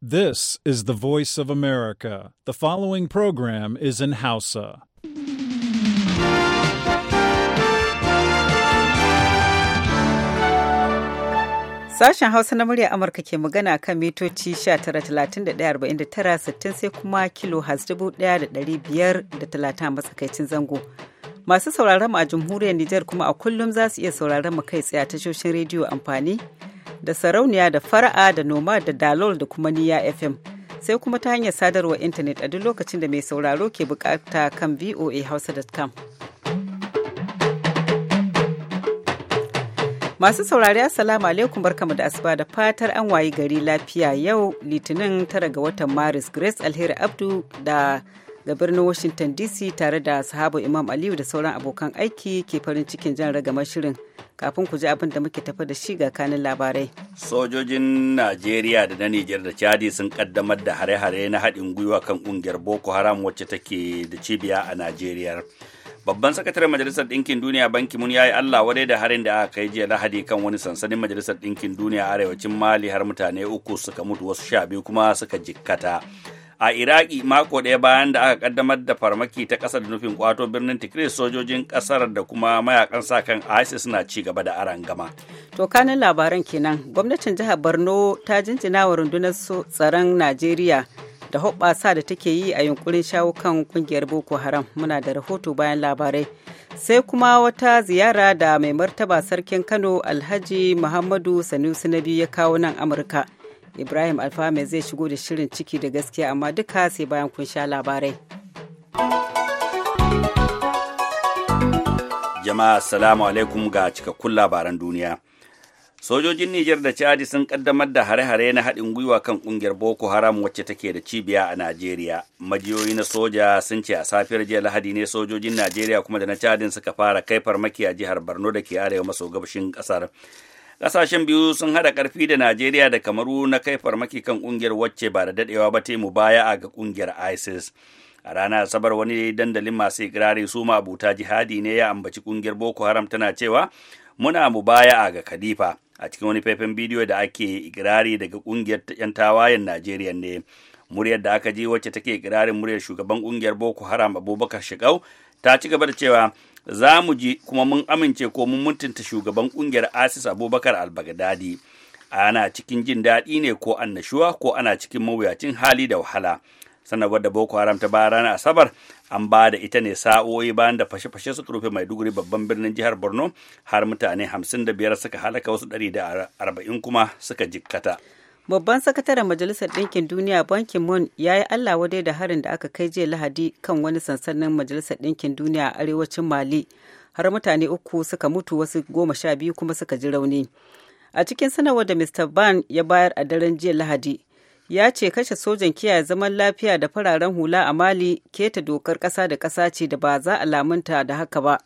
This is the voice of America. The following program is in Hausa. Sashen Hausa na murya Amurka ke magana kan mitoci sittin sai kuma kilo has 1,530 matsakaicin zango. Masu sauraron mu a jamhuriyar Nijar kuma a kullum za su iya sauraron mu kai tsaye tashoshin rediyo amfani da sarauniya da fara'a da noma da dalol da kuma niya fm sai kuma ta hanyar sadarwar intanet a duk lokacin da mai sauraro ke bukata kan voa voahausa.com masu saurari assalamu alaikum barkamu da asuba da fatar an wayi gari lafiya yau litinin tara ga watan maris grace alheri abdu da da birnin Washington DC tare da sahaba Imam Aliyu da sauran abokan aiki ke farin cikin jan ragamar shirin. Kafin ku ji abin da muke tafa da shi ga kanin labarai. Sojojin Najeriya da na Nijar da Chadi sun kaddamar da hare-hare na haɗin gwiwa kan ƙungiyar Boko Haram wacce take da cibiya a Najeriya. Babban sakataren Majalisar Ɗinkin Duniya Banki Mun ya yi Allah wadai da harin da aka kai jiya Lahadi kan wani sansanin Majalisar Ɗinkin Duniya arewacin Mali har mutane uku suka mutu wasu sha biyu kuma suka jikkata. a iraki mako ɗaya bayan da aka kaddamar da farmaki ta ƙasar da nufin kwato birnin tikris sojojin ƙasar da kuma mayakan sa kan isis na ci gaba da arangama to kanin labaran kenan gwamnatin jihar borno ta jinjina wa rundunar tsaron najeriya da hoɓɓasa da take yi a yunkurin shawo kan ƙungiyar boko haram muna da rahoto bayan labarai sai kuma wata ziyara da mai martaba sarkin kano alhaji muhammadu sanusi na biyu ya kawo nan amurka Ibrahim Alfame zai shigo da shirin ciki da gaskiya amma duka sai bayan kun sha labarai. Jama'a salamu alaikum ga cikakkun labaran duniya. Sojojin Nijar da Chadi sun kaddamar da hare-hare na haɗin gwiwa kan ƙungiyar Boko Haram wacce take da cibiya a Najeriya. Majiyoyi na soja sun ce a safiyar jiya Lahadi ne sojojin Najeriya kuma da na Chadin suka fara kai farmaki a jihar Borno da ke arewa maso gabashin ƙasar. Ƙasashen biyu sun haɗa ƙarfi da Najeriya da Kamaru na kai farmaki kan ƙungiyar wacce ba da daɗewa ba ta mu baya a ga ƙungiyar ISIS. A ranar Asabar wani dandalin masu ikirari su ma abuta jihadi ne ya ambaci ƙungiyar Boko Haram tana cewa muna mu baya a ga Khalifa a cikin wani faifan bidiyo da ake ikirari daga ƙungiyar 'yan tawayen Najeriya ne. muryar da aka ji wacce take kirarin muryar shugaban ƙungiyar boko haram abubakar shigau ta ci gaba da cewa za mu ji kuma mun amince ko mun mutunta shugaban kungiyar asis abubakar albagadadi ana cikin jin daɗi ne ko annashuwa ko ana cikin mawuyacin hali da wahala sanarwar da boko haram ta bayar ranar asabar an ba da ita ne sa'o'i bayan da fashe-fashe suka rufe maiduguri babban birnin jihar borno har mutane 55 suka halaka wasu 140 kuma suka jikkata Babban sakataren Majalisar Ɗinkin Duniya Bankin Moon ya yi Allah wadai da harin da aka kai jiya Lahadi kan wani sansanin Majalisar Ɗinkin Duniya a arewacin Mali. Har mutane uku suka mutu wasu goma sha biyu kuma suka ji rauni. A cikin sanarwar da Mr. Ban ya bayar a daren jiya Lahadi, ya ce kashe sojan kiyaye zaman lafiya da fararen hula a Mali keta dokar ƙasa da ƙasa ce da ba za a lamunta da haka ba.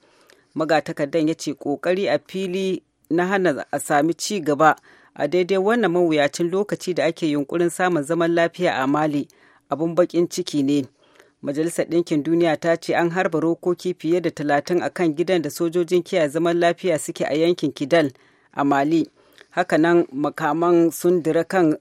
Magatakardan ya ce ƙoƙari a fili na hana a sami ci gaba a daidai wannan mawuyacin lokaci da ake yunkurin samun zaman lafiya a mali abun bakin ciki ne majalisar ɗinkin duniya ta ce an harba rokoki fiye da talatin a kan gidan da sojojin kiyaye zaman lafiya suke a yankin kidal a mali Haka nan, makaman sun dira kan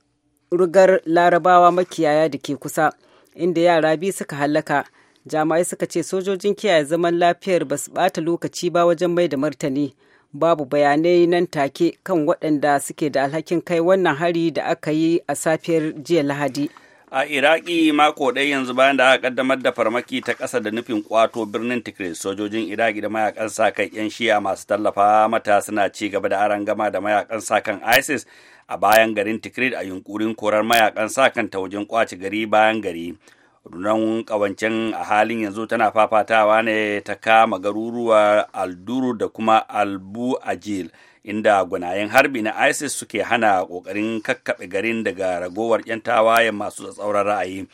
rugar larabawa makiyaya da ke kusa inda yara biyu suka hallaka jami'ai suka ce sojojin kiyaye zaman lafiyar ba su ɓata lokaci ba wajen mai da martani babu bayanai nan take kan waɗanda suke da alhakin kai wannan hari da aka yi a safiyar jiya lahadi a iraki mako ɗaya yanzu bayan da aka kaddamar da farmaki ta ƙasa da nufin kwato birnin tikrit sojojin iraki da mayakan sa kan yan shiya masu tallafa mata suna ci gaba da aron gama da mayakan sa kan isis a bayan garin tikrit a yunkurin korar mayakan sa kan ta wajen kwace gari bayan gari rundunar kawancin a halin yanzu tana fafatawa ne ta kama garuruwa alduru da kuma albu ajil inda gwanayen harbi na isis suke hana kokarin kakkaɓe garin daga ragowar 'yan tawayen masu tsatsauran ra'ayi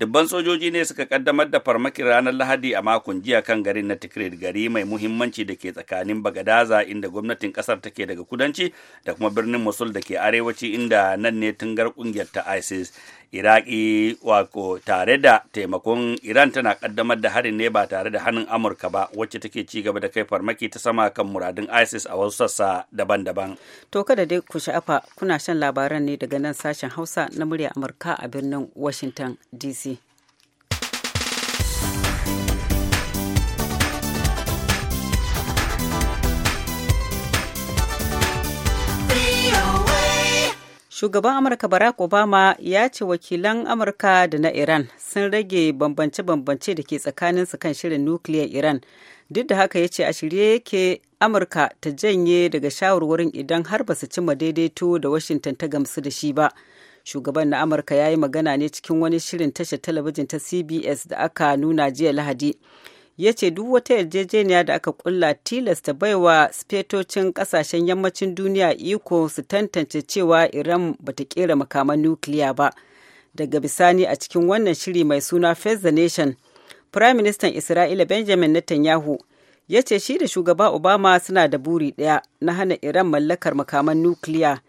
dubban sojoji ne suka kaddamar da farmakin ranar lahadi a makon jiya kan garin na tikrit gari mai muhimmanci da ke tsakanin bagadaza inda gwamnatin kasar take daga kudanci da kuma birnin musul da ke arewaci inda nan ne tungar kungiyar ta isis iraki wako tare da taimakon iran tana kaddamar da harin ne ba tare da hannun amurka ba wacce take ci gaba da kai farmaki ta sama kan muradun isis a wasu sassa daban-daban to kada dai ku sha'afa kuna shan labaran ne daga nan sashen hausa na murya amurka a birnin washington dc Shugaban Amurka Barack Obama ya ce wakilan Amurka da na Iran sun rage bambance-bambance da ke tsakanin su kan shirin nukiliyar Iran. Duk da haka ya ce a shirye yake Amurka ta janye daga shawarwarin idan har ba su cimma daidaito da Washington ta gamsu da shi ba. Shugaban na Amurka ya yi magana ne cikin wani shirin tashar talabijin ta CBS da aka nuna jiya Lahadi. ya ce duk wata yarjejeniya da aka kulla tilasta baiwa spetocin kasashen yammacin duniya iko su tantance cewa iran ba ta kera makaman nukiliya ba daga bisani a cikin wannan shiri mai suna face the nation prime minister isra'ila benjamin netanyahu ya ce shi da shugaba obama suna da buri daya na hana iran mallakar makaman nukiliya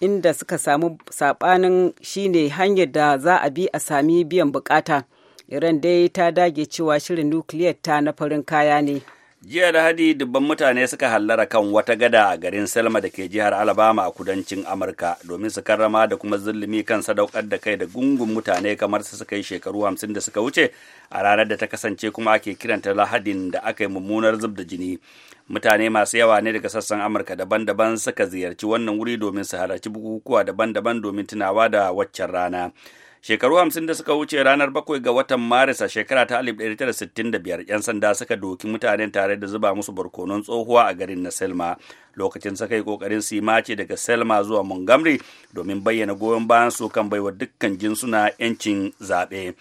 inda suka samu sabanin shine hanyar da za a bi a sami biyan bukata. Iran dai ta dage cewa shirin nukiliyar ta na farin kaya ne. Jiya Lahadi dubban mutane suka hallara kan wata gada a garin Selma da ke jihar Alabama a kudancin Amurka domin su karrama da kuma zulumi kan sadaukar da kai da gungun mutane kamar su suka yi shekaru hamsin da suka wuce a ranar da ta kasance kuma ake kiranta Lahadin da aka yi mummunar zub da jini. Mutane masu yawa ne daga sassan Amurka daban-daban suka ziyarci wannan wuri domin su halarci bukukuwa daban-daban domin tunawa da waccan rana. shekaru hamsin da suka wuce ranar bakwai ga watan maris a shekara ta 1965 'yan sanda suka doki mutanen tare da zuba musu barkonon tsohuwa a garin na selma lokacin suka yi kokarin su mace daga selma zuwa montgomery domin bayyana goyon bayan su kan baiwa dukkan jinsuna 'yancin zaɓe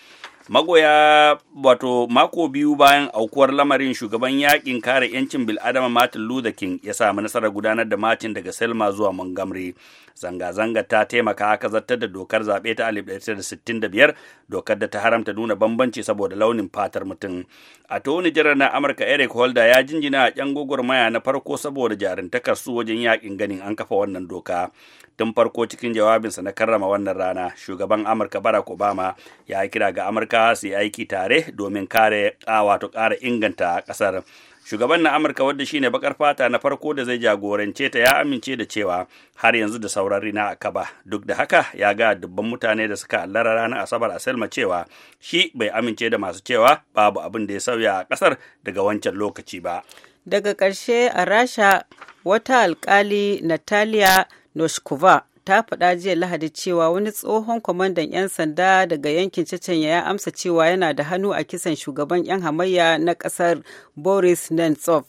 magoya wato mako biyu bayan aukuwar lamarin shugaban yakin kare 'yancin bil'adama martin luther king ya sami nasarar gudanar da macin daga selma zuwa montgomery zanga-zanga ta taimaka aka zartar da dokar zaɓe ta 1965 dokar da ta haramta nuna bambanci saboda launin fatar mutum a toni jirar na amurka eric holder ya jinjina a yan gwagwarmaya na farko saboda jaruntakar su wajen yakin ganin an kafa wannan doka tun farko cikin jawabinsa na karrama wannan rana shugaban amurka barack obama ya kira ga amurka su yi aiki tare domin kare wato kara inganta ƙasar shugaban na amurka wadda shine bakar fata na farko da zai jagorance ta ya amince da cewa har yanzu da sauran rina a ba', duk da haka ya ga dubban mutane da suka allara ranar asabar a selma cewa shi bai amince da masu cewa babu abin da ya sauya a kasar daga wancan lokaci ba daga ƙarshe a rasha wata alkali natalia noshkova ta faɗa jiya lahadi cewa wani tsohon kwamandan 'yan sanda daga yankin cecenya ya amsa cewa yana da hannu a kisan shugaban 'yan hamayya na ƙasar boris Netsof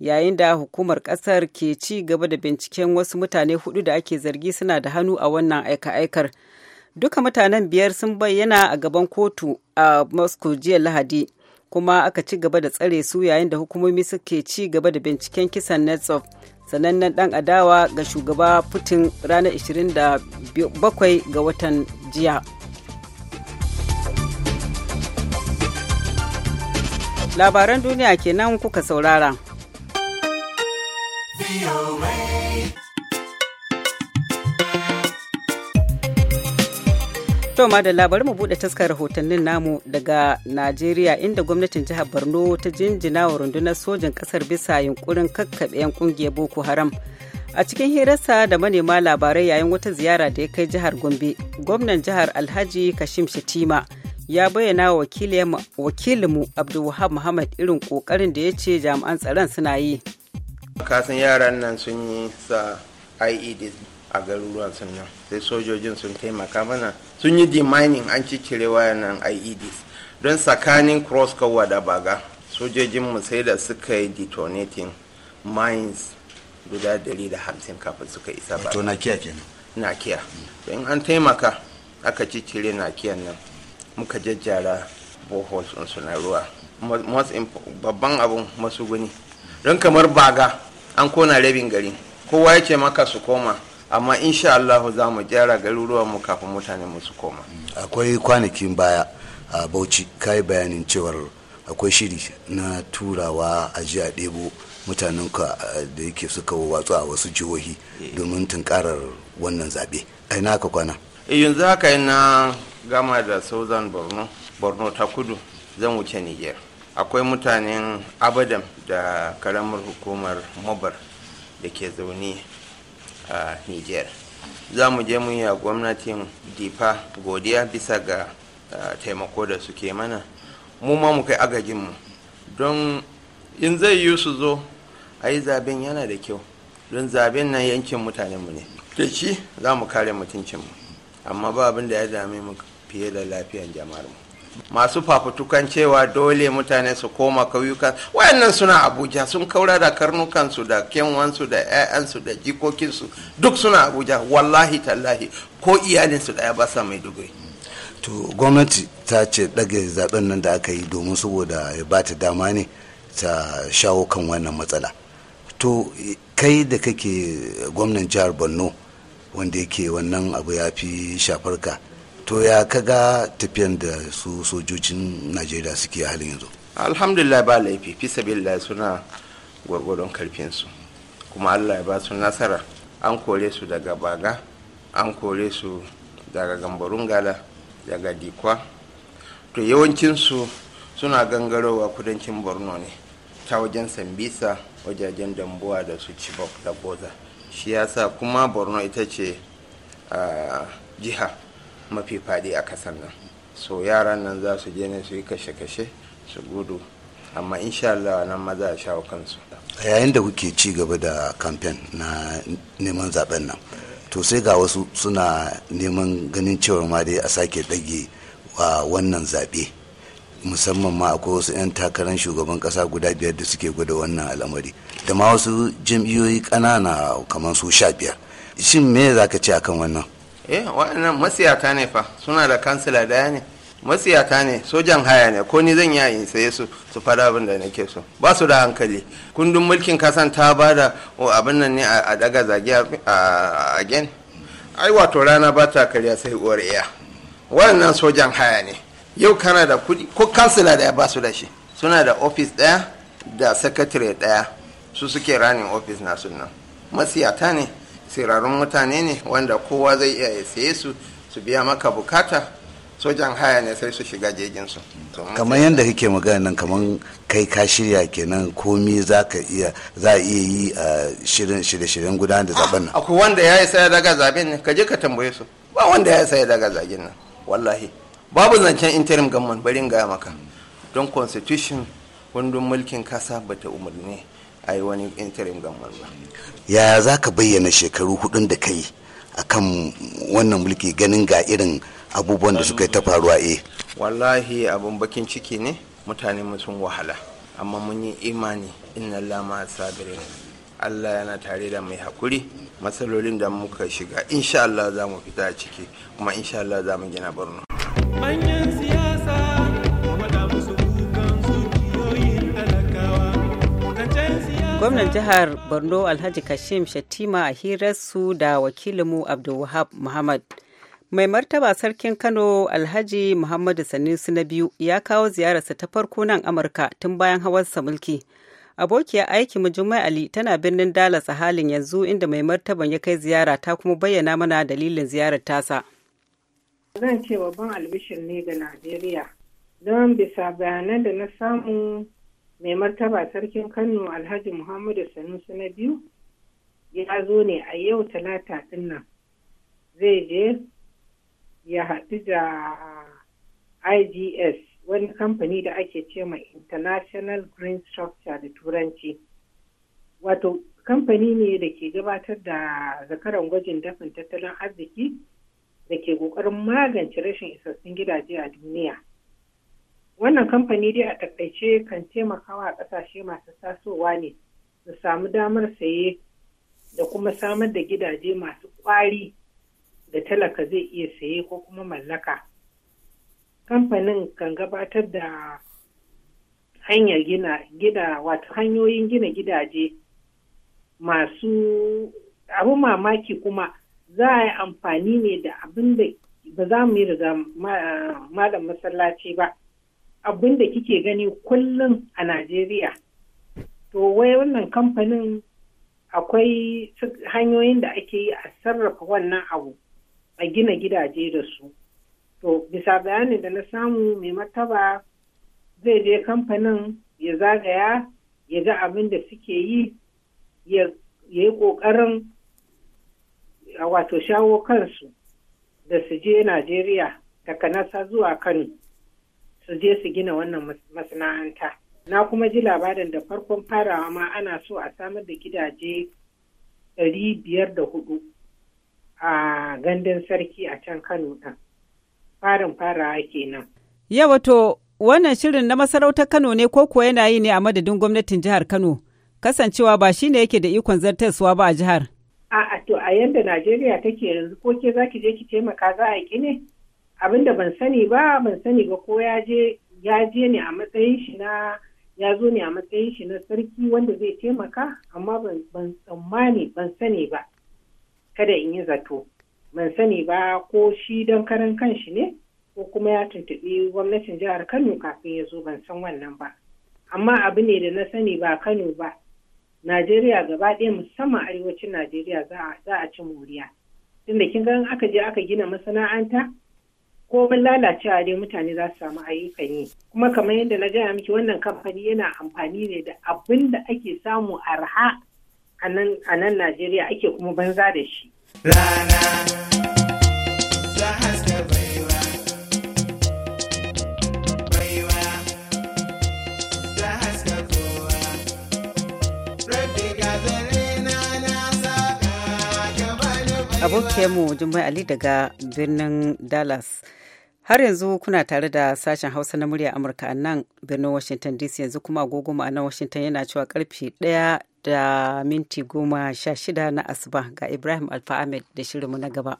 yayin da hukumar ƙasar ke ci gaba da binciken wasu mutane hudu da ake zargi suna da hannu a wannan aika-aikar duka mutanen biyar sun bayyana a gaban kotu a moscow jiya lahadi kuma aka ci gaba da tsare su yayin da hukumomi suke ci gaba da binciken kisan netsov sanannen dan adawa ga shugaba putin ranar 27 ga watan jiya labaran duniya kenan kuka saurara. To da bari mu bude taskar rahotannin namu daga Najeriya inda gwamnatin jihar Borno ta jinjina wa rundunar sojin kasar bisa yunkurin kakkaɓe 'yan kungiyar Boko Haram. A cikin hirarsa da manema labarai yayin wata ziyara da ya kai jihar Gombe, gwamnan jihar Alhaji Kashim Shatima ya bayyana wa wakilinmu Abdulwahab Muhammad irin kokarin da ya ce jami'an tsaron suna yi. Kasan yaran nan sun yi sa IED a garuruwan sun nan sai sojojin sun taimaka mana sun yi demining an ciccire wayannan ieds don tsakanin cross kowa da baga sojojin mu sai da suka yi detonating mines guda 150 kafin suka isa ba to nakiya kenan nakiya in an taimaka aka ciccire nakiyan nan muka jajjara boholes su na ruwa babban abun masu guni don kamar baga an kona rabin gari kowa ya ce maka su koma amma insha Allah za mu gyara garuruwan mu kafin mutane musu koma akwai kwanakin baya a Bauchi kai bayanin cewar akwai shiri na turawa a jiya debo mutanen ka da yake suka watsu a wasu jihohi domin tunkarar wannan zaɓe ai naka kwana eh, yanzu haka na gama da southern borno borno ta kudu zan wuce niger akwai mutanen abadam da karamar hukumar mobar da ke zaune a niger za mu je mu yi gwamnatin difa godiya bisa ga taimako da suke mana mu ma mu kai agajinmu don in zai yi su zo a yi zaben yana da kyau don zaben na yankin mutanenmu ne da shi za mu kare mutuncinmu amma ba abin da ya dame mu fiye da lafiyan mu. masu fafutukan cewa dole mutane su koma kauyuka wayannan suna abuja sun kaura da karnukansu da kenwansu da 'ya'yansu da jikokinsu duk suna abuja wallahi tallahi ko iyalinsu daya ba sa maiduguri to gwamnati ta ce ɗage zaben nan da aka yi domin saboda ya ba ta dama ne ta shawo kan wannan matsala to kai da kake gwamnan jihar borno wanda yake wannan abu ya fi shafarka. to ya kaga tafiyan da su sojojin najeriya suke halin yanzu alhamdulillah ba laifi fi sabilillah suna gwargwadon karfinsu kuma allah ya ba su nasara an kore su daga baga an kore su daga gambarun gala daga dikwa to yawancinsu suna gangarowa kudancin borno ne ta wajen sambisa wajajen dambuwa da su chibok da boza shi ya sa kuma borno ita ce ah, jiha mafi fadi a kasar nan so yaran nan za su je ne su yi kashe-kashe su gudu amma insha Allah nan maza a shawo kansu a yayin da kuke ci gaba da kamfen na neman zaben nan to sai ga wasu suna neman ganin cewar ma dai a sake dage wa wannan zaɓe musamman ma akwai wasu 'yan takarar shugaban kasa guda biyar da suke gwada wannan al'amari da ma wasu jam'iyyoyi ƙanana kamar su sha biyar shin me za ka ce akan wannan eh waɗannan masiyata ne fa suna da kansila daya ne masiyata ne sojan haya ne ko ni zan yayi saye su su fara abin da nake so ba su da hankali kundin mulkin kasan ta ba da abin nan ne a daga zage a gen ai wato rana ba ta karya sai uwar iya waɗannan sojan haya ne yau kana da kuɗi ko kansila daya ba su da shi suna da ofis daya da sakatare daya su suke ranin ofis na sunan. masiyata ne sirarun mutane ne wanda kowa zai iya ya saye su su biya maka bukata sojan haya ne sai su shiga su kamar yadda kake magana nan kamar kai ka shirya kenan komi za ka iya za iya yi a shirin shirye-shiryen gudanar da zaben nan akwai wanda ya yi saya daga zaben ne ka je ka tambaye su ba wanda ya yi saya daga zagen nan wallahi babu zancen interim gamman in gaya maka don constitution wandon mulkin kasa bata umarni a yi wani interim government ba ya za ka bayyana shekaru hudun da kai a kan wannan mulki ganin ga irin abubuwan da suka yi ta faruwa eh wallahi abun bakin ciki ne mutane sun wahala amma mun yi imani inna lama sabirin allah yana tare da mai hakuri matsalolin da muka shiga insha allah za mu fita a ciki kuma insha allah za mu gina borno gwamnan jihar borno alhaji kashim shatima a hirarsu da wakilinmu abdulwahab muhammad mai martaba sarkin kano alhaji muhammadu sanusi na biyu ya kawo ziyararsa ta farko nan amurka tun bayan hawarsa mulki abokiyar aikinmu jummai ali tana birnin dallas a halin yanzu inda mai martaban ya kai ziyara ta kuma bayyana mana dalilin ziyarar tasa zan ce babban albishir ne ga najeriya don bisa bayanan da na samu mai martaba sarkin kano alhaji muhammadu sanusi na biyu ya zo ne a yau talata din nan zai je ya haɗu da igs wani kamfani da ake ce mai international green structure da turanci wato kamfani ne da ke gabatar da zakaran gwajin dafin tattalin arziki da ke ƙoƙarin magance rashin isassun gidaje a duniya Wannan kamfani dai a takaice kan taimakawa a ƙasashe masu tasowa ne su samu damar saye da kuma samar da gidaje masu ƙwari da talaka zai iya saye ko kuma mallaka. Kamfanin kan gabatar da hanyar gina hanyoyin gina gidaje masu abu mamaki kuma za a yi amfani ne da abin da ba za mu yi riga malam masallaci ba abin da kike gani kullum a Najeriya. To wai wannan kamfanin akwai hanyoyin da ake yi a sarrafa wannan abu a gina gidaje da su. To bisa bayanin da na samu mai mataba zai je kamfanin ya zagaya ya ga abin da suke yi ya yi ƙoƙarin wato shawo kansu da su je Najeriya daga nasa zuwa Kano. su je su gina wannan masana'anta na kuma ji labarin da farkon farawa ma ana so a samar da gidaje ɗari biyar da hudu a gandun sarki a can kano ɗan. farin farawa kenan yawa to wannan shirin na masarautar kano ne ko kuwa yana yi ne a madadin gwamnatin jihar kano kasancewa ba shi ne yake da ikon zartaswa ba a jihar. A'a to a yanda Najeriya take yanzu ko ke za ki je ki taimaka za a ƙi ne? abin da ban sani ba ban sani ba ko ya je ya je ne a matsayin shi na ya zo ne a matsayin shi na sarki wanda zai taimaka amma ban tsammani ban sani ba kada in yi zato ban sani ba ko shi don karan kan shi ne ko kuma ya tuntuɓi gwamnatin jihar kano kafin ya zo ban san wannan ba amma abu ne da na sani ba kano ba najeriya gaba ɗaya musamman arewacin najeriya za a ci moriya tunda kin ga aka je aka gina masana'anta komin lalacewa dai mutane za su samu ayyukan yi kuma kamar yadda na gaya miki wannan kamfani yana amfani ne da abin da ake samu arha a nan najeriya ake kuma banza da shi rana mu jummai ali daga birnin dallas Har yanzu kuna tare da sashen Hausa na murya Amurka a nan birnin Washington DC yanzu kuma agogo a nan Washington yana cewa karfe ɗaya da minti goma sha shida na asuba ga Ibrahim Alfa Ahmed da shirinmu na gaba.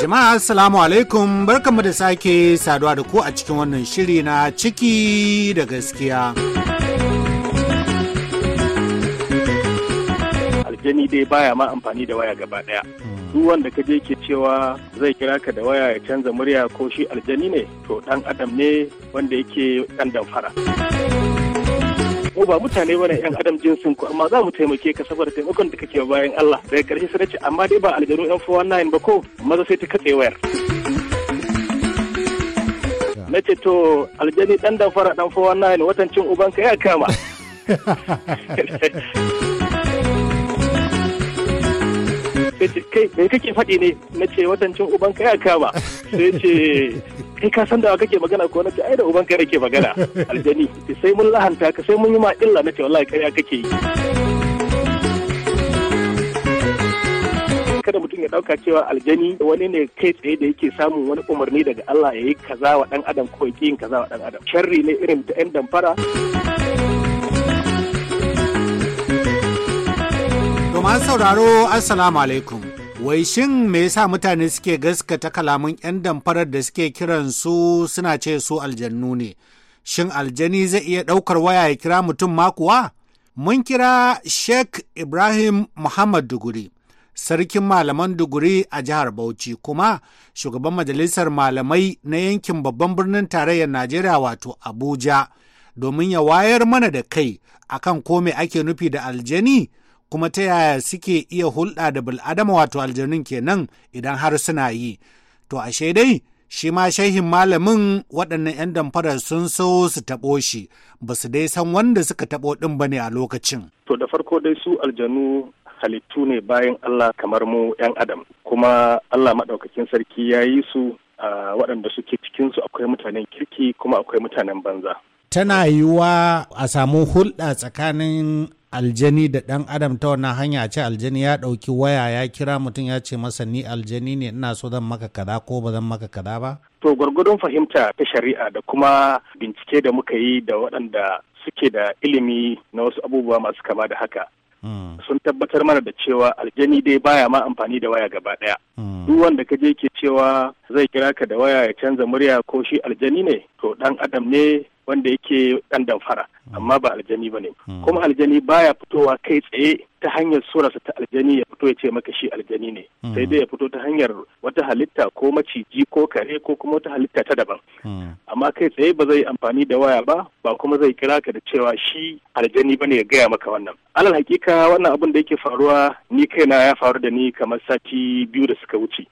Jama'a Assalamu alaikum barkanmu da sake saduwa da ku a cikin wannan shiri na ciki da gaskiya. dai baya ma amfani da waya gaba daya duk wanda ka je ke cewa zai kira ka da waya ya canza murya ko shi aljani ne to dan adam ne wanda yake dan damfara mu ba mutane bane yan adam jinsin ku amma za mu taimake ka saboda taimakon da kake bayan Allah daga karshe sai ce amma dai ba aljanu yan 419 ba ko maza sai ta katse wayar na ce to aljani dan damfara fara dan 419 watan cin ubanka ya kama sai ce kai me kake faɗi ne na ce watancin uban kai ya kama sai ce kai ka san da kake magana ko na ce ai da uban kai ke magana aljani sai mun lahanta ka sai mun yi ma illa na ce wallahi kai kake yi kada mutum ya ɗauka cewa aljani wani ne kai tsaye da yake samun wani umarni daga Allah ya yi kaza wa dan adam ko ya yin kaza wa dan adam sharri ne irin ta yan damfara Masu sauraro Assalamu alaikum. Wai shin me yasa mutane suke gaskata kalaman 'yan damfarar da suke kiran su suna ce su aljannu ne? Shin aljani zai iya ɗaukar waya ya kira mutum makuwa Mun kira Sheikh Ibrahim Muhammad Duguri, sarkin malaman Duguri a jihar Bauchi kuma shugaban majalisar malamai na yankin babban birnin tarayyar Najeriya wato Abuja, domin ya wayar mana da kai akan ko me ake nufi da aljani. kuma ta yaya suke iya hulɗa da bil'adama wato aljanun kenan idan har suna yi to ashe dai shi ma shehin malamin waɗannan 'yan damfara sun so su taɓo shi ba su dai san wanda suka taɓo ɗin ba ne a lokacin. To da farko dai su aljanu halittu ne bayan Allah kamar mu 'yan adam kuma Allah maɗaukakin sarki ya yi su a waɗanda suke cikin su akwai mutanen kirki kuma akwai mutanen banza. Tana yiwuwa a samu hulɗa tsakanin aljani da ɗan adam ta wannan hanya ce aljani ya ɗauki waya ya kira mutum ya ce masa ni aljani ne ina so zan maka kaza ko ba zan maka kaza ba? To gwargwadon fahimta ta shari'a da kuma bincike da muka yi da waɗanda suke da ilimi na wasu abubuwa masu kama da haka. Hmm. Sun tabbatar mana da cewa aljani dai baya ma amfani da waya gaba ɗaya. Hmm. Duk wanda ka je ke cewa zai kira ka da waya ya canza murya ko shi aljani ne to ɗan adam ne wanda yake ɗan damfara. amma ba aljani ba ne hmm. kuma aljani baya fitowa kai tsaye ta hanyar surarsa ta aljani ya fito ya ce maka shi aljani ne hmm. sai dai ya fito ta hanyar wata halitta ko maciji ko kare ko kuma wata halitta ta daban hmm. amma kai tsaye ba zai amfani da waya ba ba kuma zai kira ka da cewa shi aljani ba ne ya gaya maka wannan alal hakika wannan abun da yake faruwa ni kaina ya faru da ni kamar sati biyu da suka wuce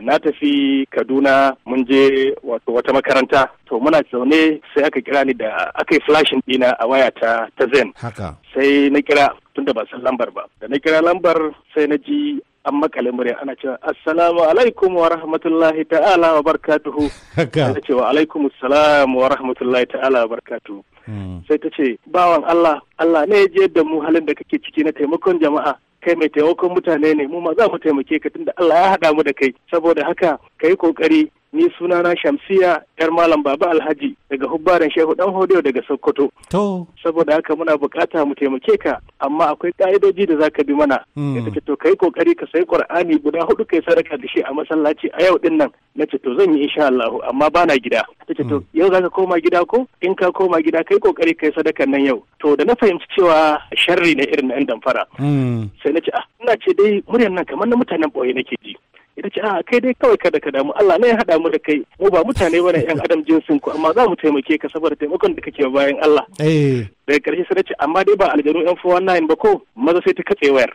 na tafi kaduna mun je wato wata makaranta to muna zaune sai aka kira ni da aka yi flashin dina a waya ta ta zen haka sai na kira tunda ba san lambar ba da na kira lambar sai na ji an makale murya ana cewa assalamu alaikum wa rahmatullahi ta'ala wa barakatuhu ana cewa alaikum assalam wa rahmatullahi ta'ala wa barakatuhu hmm. sai ta ce bawan Allah Allah ne je da mu halin da kake ciki na taimakon jama'a kai mai taimakon mutane ne mu ma za mu taimake ka tunda Allah ya haɗa mu da kai saboda haka ka yi kokari ni sunana shamsiya yar malam baba alhaji daga hubbaren shehu dan hodeo daga sokoto to saboda haka muna bukata mu taimake ka amma akwai ka'idoji da zaka bi mana ka hmm. ce to kai kokari ka sai qur'ani guda hudu kai sadaka da shi a masallaci a yau din nan nace to zan yi insha Allah amma bana gida ce to hmm. yau zaka koma gida ko in ka koma gida kai kokari kai sadakan nan yau to da na fahimci cewa sharri ne irin na damfara hmm. sai na ce ah ina ce dai muryan nan kamar na mutanen boye nake ji ita ce a ah, kai dai kawai kada ka damu Allah ne ya haɗa mu da kai mu ba mutane bane yan adam jinsin ku amma za mu taimake ka saboda taimakon da kake bayan Allah eh. daga karshe sai ce amma dai ba aljanu yan 419 ba ko maza sai ta katse wayar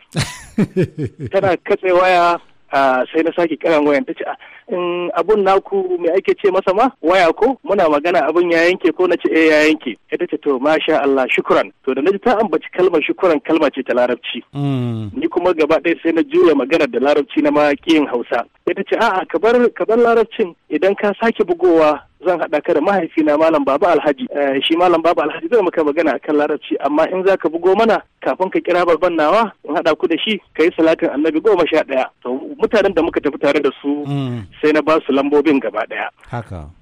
tana katse waya sai na sake kiran wayan ta ce ah, in abun naku me ake ce masa ma waya ko muna magana abun ya yanke ko na ce eh ya yanke ita ce to masha Allah shukran to da naji ta ambaci kalmar shukran kalma ce ta larabci mm. ni kuma gaba ɗaya sai na juya maganar da larabci na ma Hausa ita ce a'a ka bar ka bar larabcin idan ka sake bugowa zan haɗa ka da mahaifina malam baba alhaji eh, shi malam baba alhaji zai maka magana akan larabci amma in za ka bugo mana kafin ka kira babban nawa in haɗa ku da shi ka yi salatin annabi goma sha ɗaya to mutanen da muka tafi tare da su mm. sai na ba su lambobin gaba ɗaya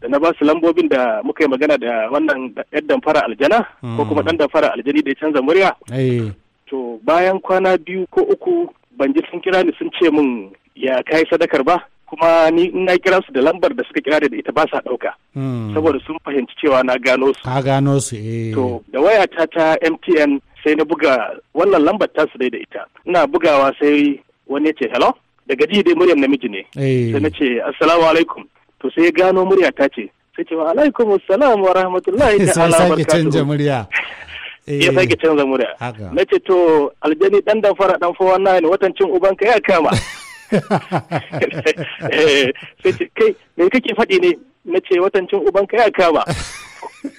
da na ba su lambobin da muka yi magana da wannan ɗan damfara aljana ko mm. kuma ɗan damfara aljani da ya canza murya eh. to bayan kwana biyu ko uku ban ji sun kira ni sun ce min ya kai sadakar ba kuma ni in na kira su da lambar da suka kira da ita ba sa ɗauka. Mm. Saboda sun fahimci cewa na gano su. Ka gano su eh. To da wayata ta MTN sai na buga wannan lambar ta dai da ita ina bugawa sai wani ce hello daga ji dai muryar namiji ne eh. sai na ce assalamu alaikum to sai gano murya ta ce sai ce wa alaikum assalam wa rahmatullahi ta wa barakatuhu murya ya sake canza murya na ce to aljani dan da fara dan fa wannan watan cin ubanka ya kama eh, sai ce kai me kake faɗi ne na ce watan cin ubanka ya kama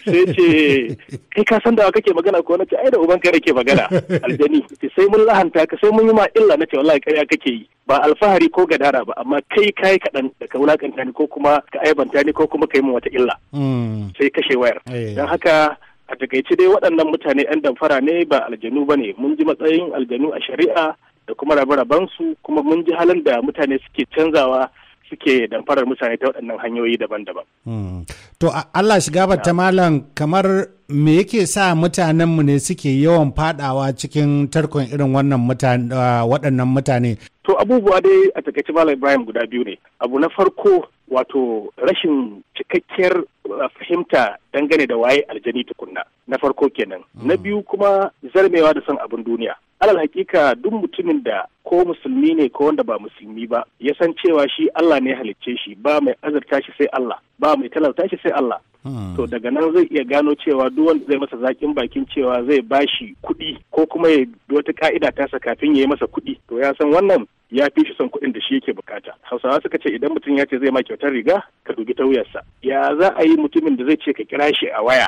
sai ce kai ka san da kake magana ko na ce ai da uban kai nake magana aljani sai mun lahanta ka sai mun yi ma illa na ce wallahi kai kake yi ba alfahari ko gadara ba amma kai kai kaɗan da ka wulakanta ni ko kuma ka aibanta ni ko kuma ka yi wata illa mm. sai kashe wayar eh. dan haka a takaice dai waɗannan mutane 'yan damfara ne ba aljanu ba ne mun ji matsayin aljanu a shari'a da kuma rabe-rabensu kuma mun ji halin da mutane suke canzawa suke damfarar mutane ta waɗannan hanyoyi daban-daban. Hmm. To Allah shiga ta malam kamar me yake sa mutanenmu ne suke yawan fadawa cikin tarkon irin wannan ah, waɗannan mutane? To abubuwa dai a takaice malam Ibrahim guda biyu ne. Abu na farko wato rashin cikakkiyar ah, fahimta dangane da waye aljani tukunna na farko kenan. Hmm. Na biyu kuma zarmewa da son abin duniya. alal hakika duk mutumin da ko musulmi ne ko wanda ba musulmi ba ya san cewa shi Allah ne halicce shi ba mai azurta shi sai Allah ba mai talauta shi sai Allah hmm. to daga nan zai iya gano cewa duk wanda zai masa zakin bakin cewa zai bashi kuɗi ko kuma ya wata ka'ida tasa kafin ya yi masa kuɗi to ya san wannan ya fi shi son kuɗin da shi yake bukata hausawa suka ce idan mutum ya ce zai ma kyautar riga ka dubi ta wuyarsa ya za a yi mutumin da zai ce ka kira shi a waya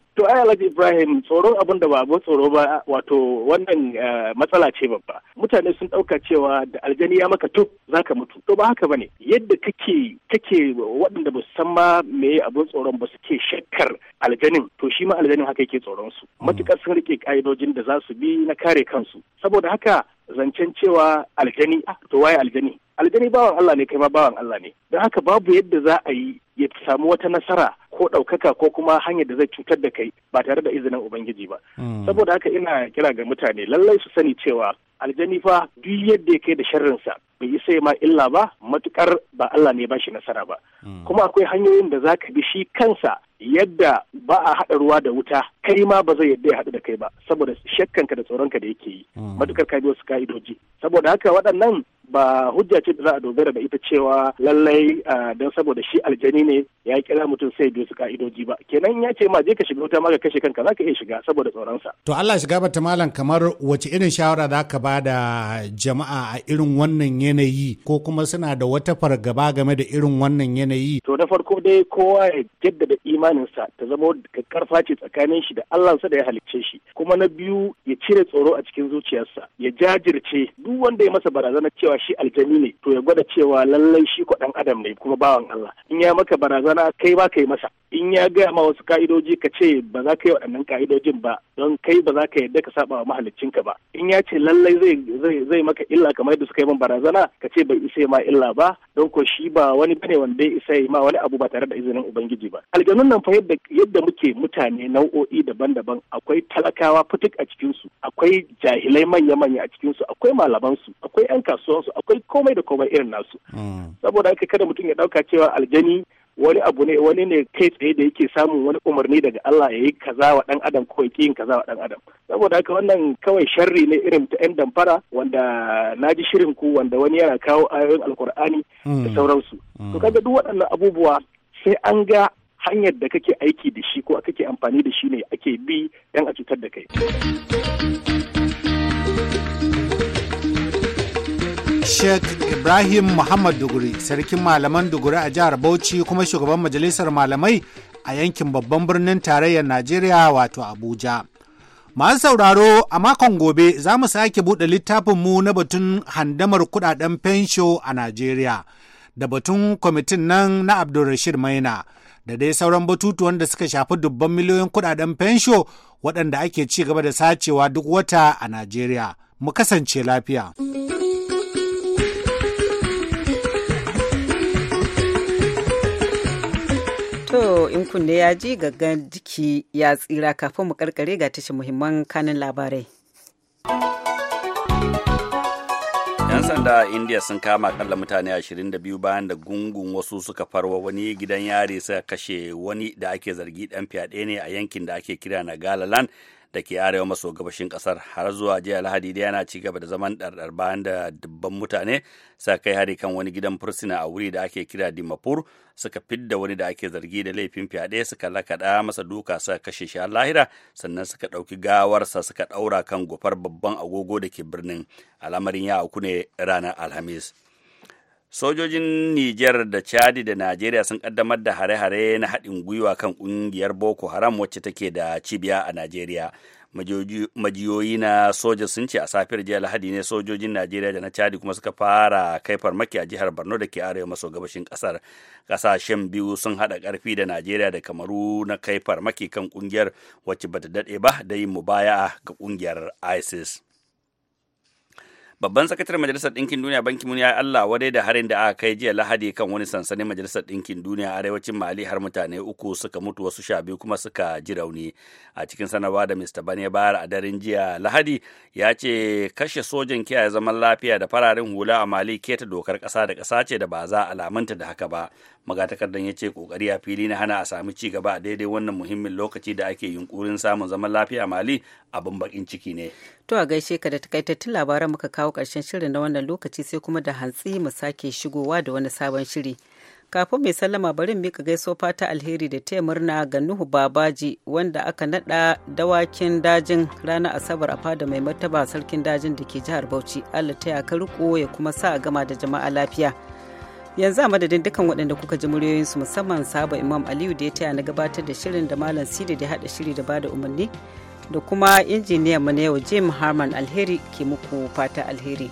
To ai Alhaji Ibrahim tsoron abin da ba tsoro ba wato wannan eh, matsala ce babba. Mutane sun ɗauka cewa da aljani ya maka to zaka mutu. To ba haka bane. Yadda kake kake waɗanda ba su san ma me abin tsoron ba suke shakkar aljanin to shi ma aljanin haka yake tsoron su. Mm. Matukar sun rike ka'idojin da za su bi na kare kansu. Saboda haka zancen cewa aljani ah, to waye aljani aljani bawan Allah ne kai ma bawan Allah ne don haka babu yadda za a yi ya samu wata nasara ko ɗaukaka ko kuma hanyar da zai cutar da kai ba tare da izinin ubangiji ba hmm. saboda haka ina kira ga mutane lallai su sani cewa aljani fa duk yadda yake da sharrinsa bai yi sai ma illa ba matukar ba Allah ne ba shi nasara ba hmm. kuma akwai hanyoyin da za ka bi shi kansa yadda ba a haɗa ruwa da wuta kai ma ba zai yadda ya haɗu da kai ba saboda shakkanka da tsoronka da yake yi hmm. matukar ka bi wasu ka'idoji saboda haka waɗannan ba hujja ce da za a dogara da ita cewa lallai don saboda shi aljani ne ya kira mutum sai biyu su ka'idoji ba kenan ya ce ma je ka shiga wuta ma ka kashe kanka za ka iya shiga saboda tsoronsa. to Allah shiga bata malam kamar wace irin shawara za ka ba da jama'a a irin wannan yanayi ko kuma suna da wata fargaba game da irin wannan yanayi. to na farko dai kowa ya jaddada imaninsa ta zama karfa ce tsakanin shi da Allahnsa da ya halicce shi kuma na biyu ya cire tsoro a cikin zuciyarsa ya jajirce duk wanda ya masa barazana cewa shi aljani ne to ya gwada cewa lallai shi ko dan adam ne kuma bawan Allah in ya maka barazana kai ba kai masa in ya gaya ma wasu ka'idoji ka ce ba za ka yi waɗannan ka'idojin ba don kai ba za ka yarda ka saba wa ka ba in ya ce lallai zai zai zai maka illa kamar yadda suka yi min barazana ka ce bai isa ma illa ba don ko shi ba wani bane wanda ya isa ma wani abu ba tare da izinin ubangiji ba aljanun nan fa yadda yadda muke mutane nau'o'i daban-daban akwai talakawa fitik a cikin su akwai jahilai manya-manya a cikin su akwai malaman su akwai 'yan kasuwan su nasu akwai komai da komai irin nasu hmm. saboda haka kada mutum ya dauka cewa aljani wani abu ne wani ne kai tsaye da yake samun wani umarni daga Allah ya yi kaza wa dan adam ko yake yin kaza wa dan adam saboda haka wannan kawai sharri ne irin ta yan damfara wanda ji shirin ku wanda wani yana kawo ayoyin alkur'ani da hmm. sauransu to hmm. kaga duk waɗannan abubuwa sai an ga hanyar da kake aiki da shi ko kake amfani da shi ne ake bi dan a cutar da kai Sheikh Ibrahim Muhammad Duguri, sarkin malaman Duguri a jihar Bauchi kuma shugaban majalisar malamai a yankin babban birnin tarayyar Najeriya wato Abuja. Masu sauraro a makon gobe za mu sake buɗe littafinmu na batun handamar kudaden fensho a Najeriya da batun kwamitin nan na Abdulrashid Maina da dai sauran batutuwan da suka shafi dubban miliyoyin kudaden fensho waɗanda ake ci gaba da sacewa duk wata a Najeriya. Mu kasance lafiya. To in kunne ya ji gaggan jiki ya tsira kafin mu karkare ga tashi muhimman kanin labarai. 'Yan sanda a India sun kama akalla mutane 22 bayan da gungun wasu suka farwa wani gidan yari suka kashe wani da ake zargi dan fyaɗe ne a yankin da ake kira na Galaland da ke arewa maso gabashin kasar har zuwa jiya lahadi da yana ci gaba da zaman ɗarɗar bayan da dubban mutane sa kai hari kan wani gidan fursuna a wuri da ake kira dimapur suka fidda wani da ake zargi da laifin fyaɗe suka lakaɗa masa duka suka kashe shi lahira sannan suka ɗauki gawarsa suka ɗaura kan gofar babban agogo da ke birnin al'amarin ya auku ne ranar alhamis sojojin Nijar da Chadi da Najeriya sun kaddamar da hare-hare na haɗin gwiwa kan ƙungiyar Boko Haram wacce take da cibiya a Najeriya. Majiyoyi na soja sun ce a safiyar jiya Lahadi ne sojojin Najeriya da na Chadi kuma suka fara kai farmaki a jihar Borno da ke arewa maso gabashin ƙasar. Ƙasashen biyu sun haɗa ƙarfi da Najeriya da Kamaru na kai farmaki kan ƙungiyar wacce bata daɗe ba da yin mubaya'a ga ƙungiyar ISIS. babban Sakatare majalisar ɗinkin duniya banki mun ya allah wadai da harin da aka kai jiya lahadi kan wani sansanin majalisar ɗinkin duniya arewacin mali har mutane uku suka mutu wasu sha biyu kuma suka ji rauni a cikin sanarwa da mr bane bayar a daren jiya lahadi ya ce kashe sojan kiyaye zaman lafiya da fararen hula a mali keta dokar ƙasa da ƙasa ce da ba za a lamunta da haka ba magatakardan ya ce kokari a fili na hana a sami ci gaba a daidai wannan muhimmin lokaci da ake yunkurin samun zaman lafiya mali abin bakin ciki ne to a gaishe ka da takaitattun labaran muka kawo karshen shirin na wannan lokaci sai kuma da hantsi mu sake shigowa da wani sabon shiri kafin mai sallama bari mika gaiso fata alheri da taya murna ga nuhu babaji wanda aka nada dawakin dajin ranar asabar a fada mai martaba sarkin dajin da ke jihar bauchi allah taya ka riko ya kuma sa a gama da jama'a lafiya yanzu a madadin dukkan waɗanda kuka ji muryoyinsu musamman sabo imam aliyu da ya taya na gabatar da shirin da malam sidi da haɗa shiri da bada umarni da kuma injiniyan mu na yau jim harman alheri ke muku fata alheri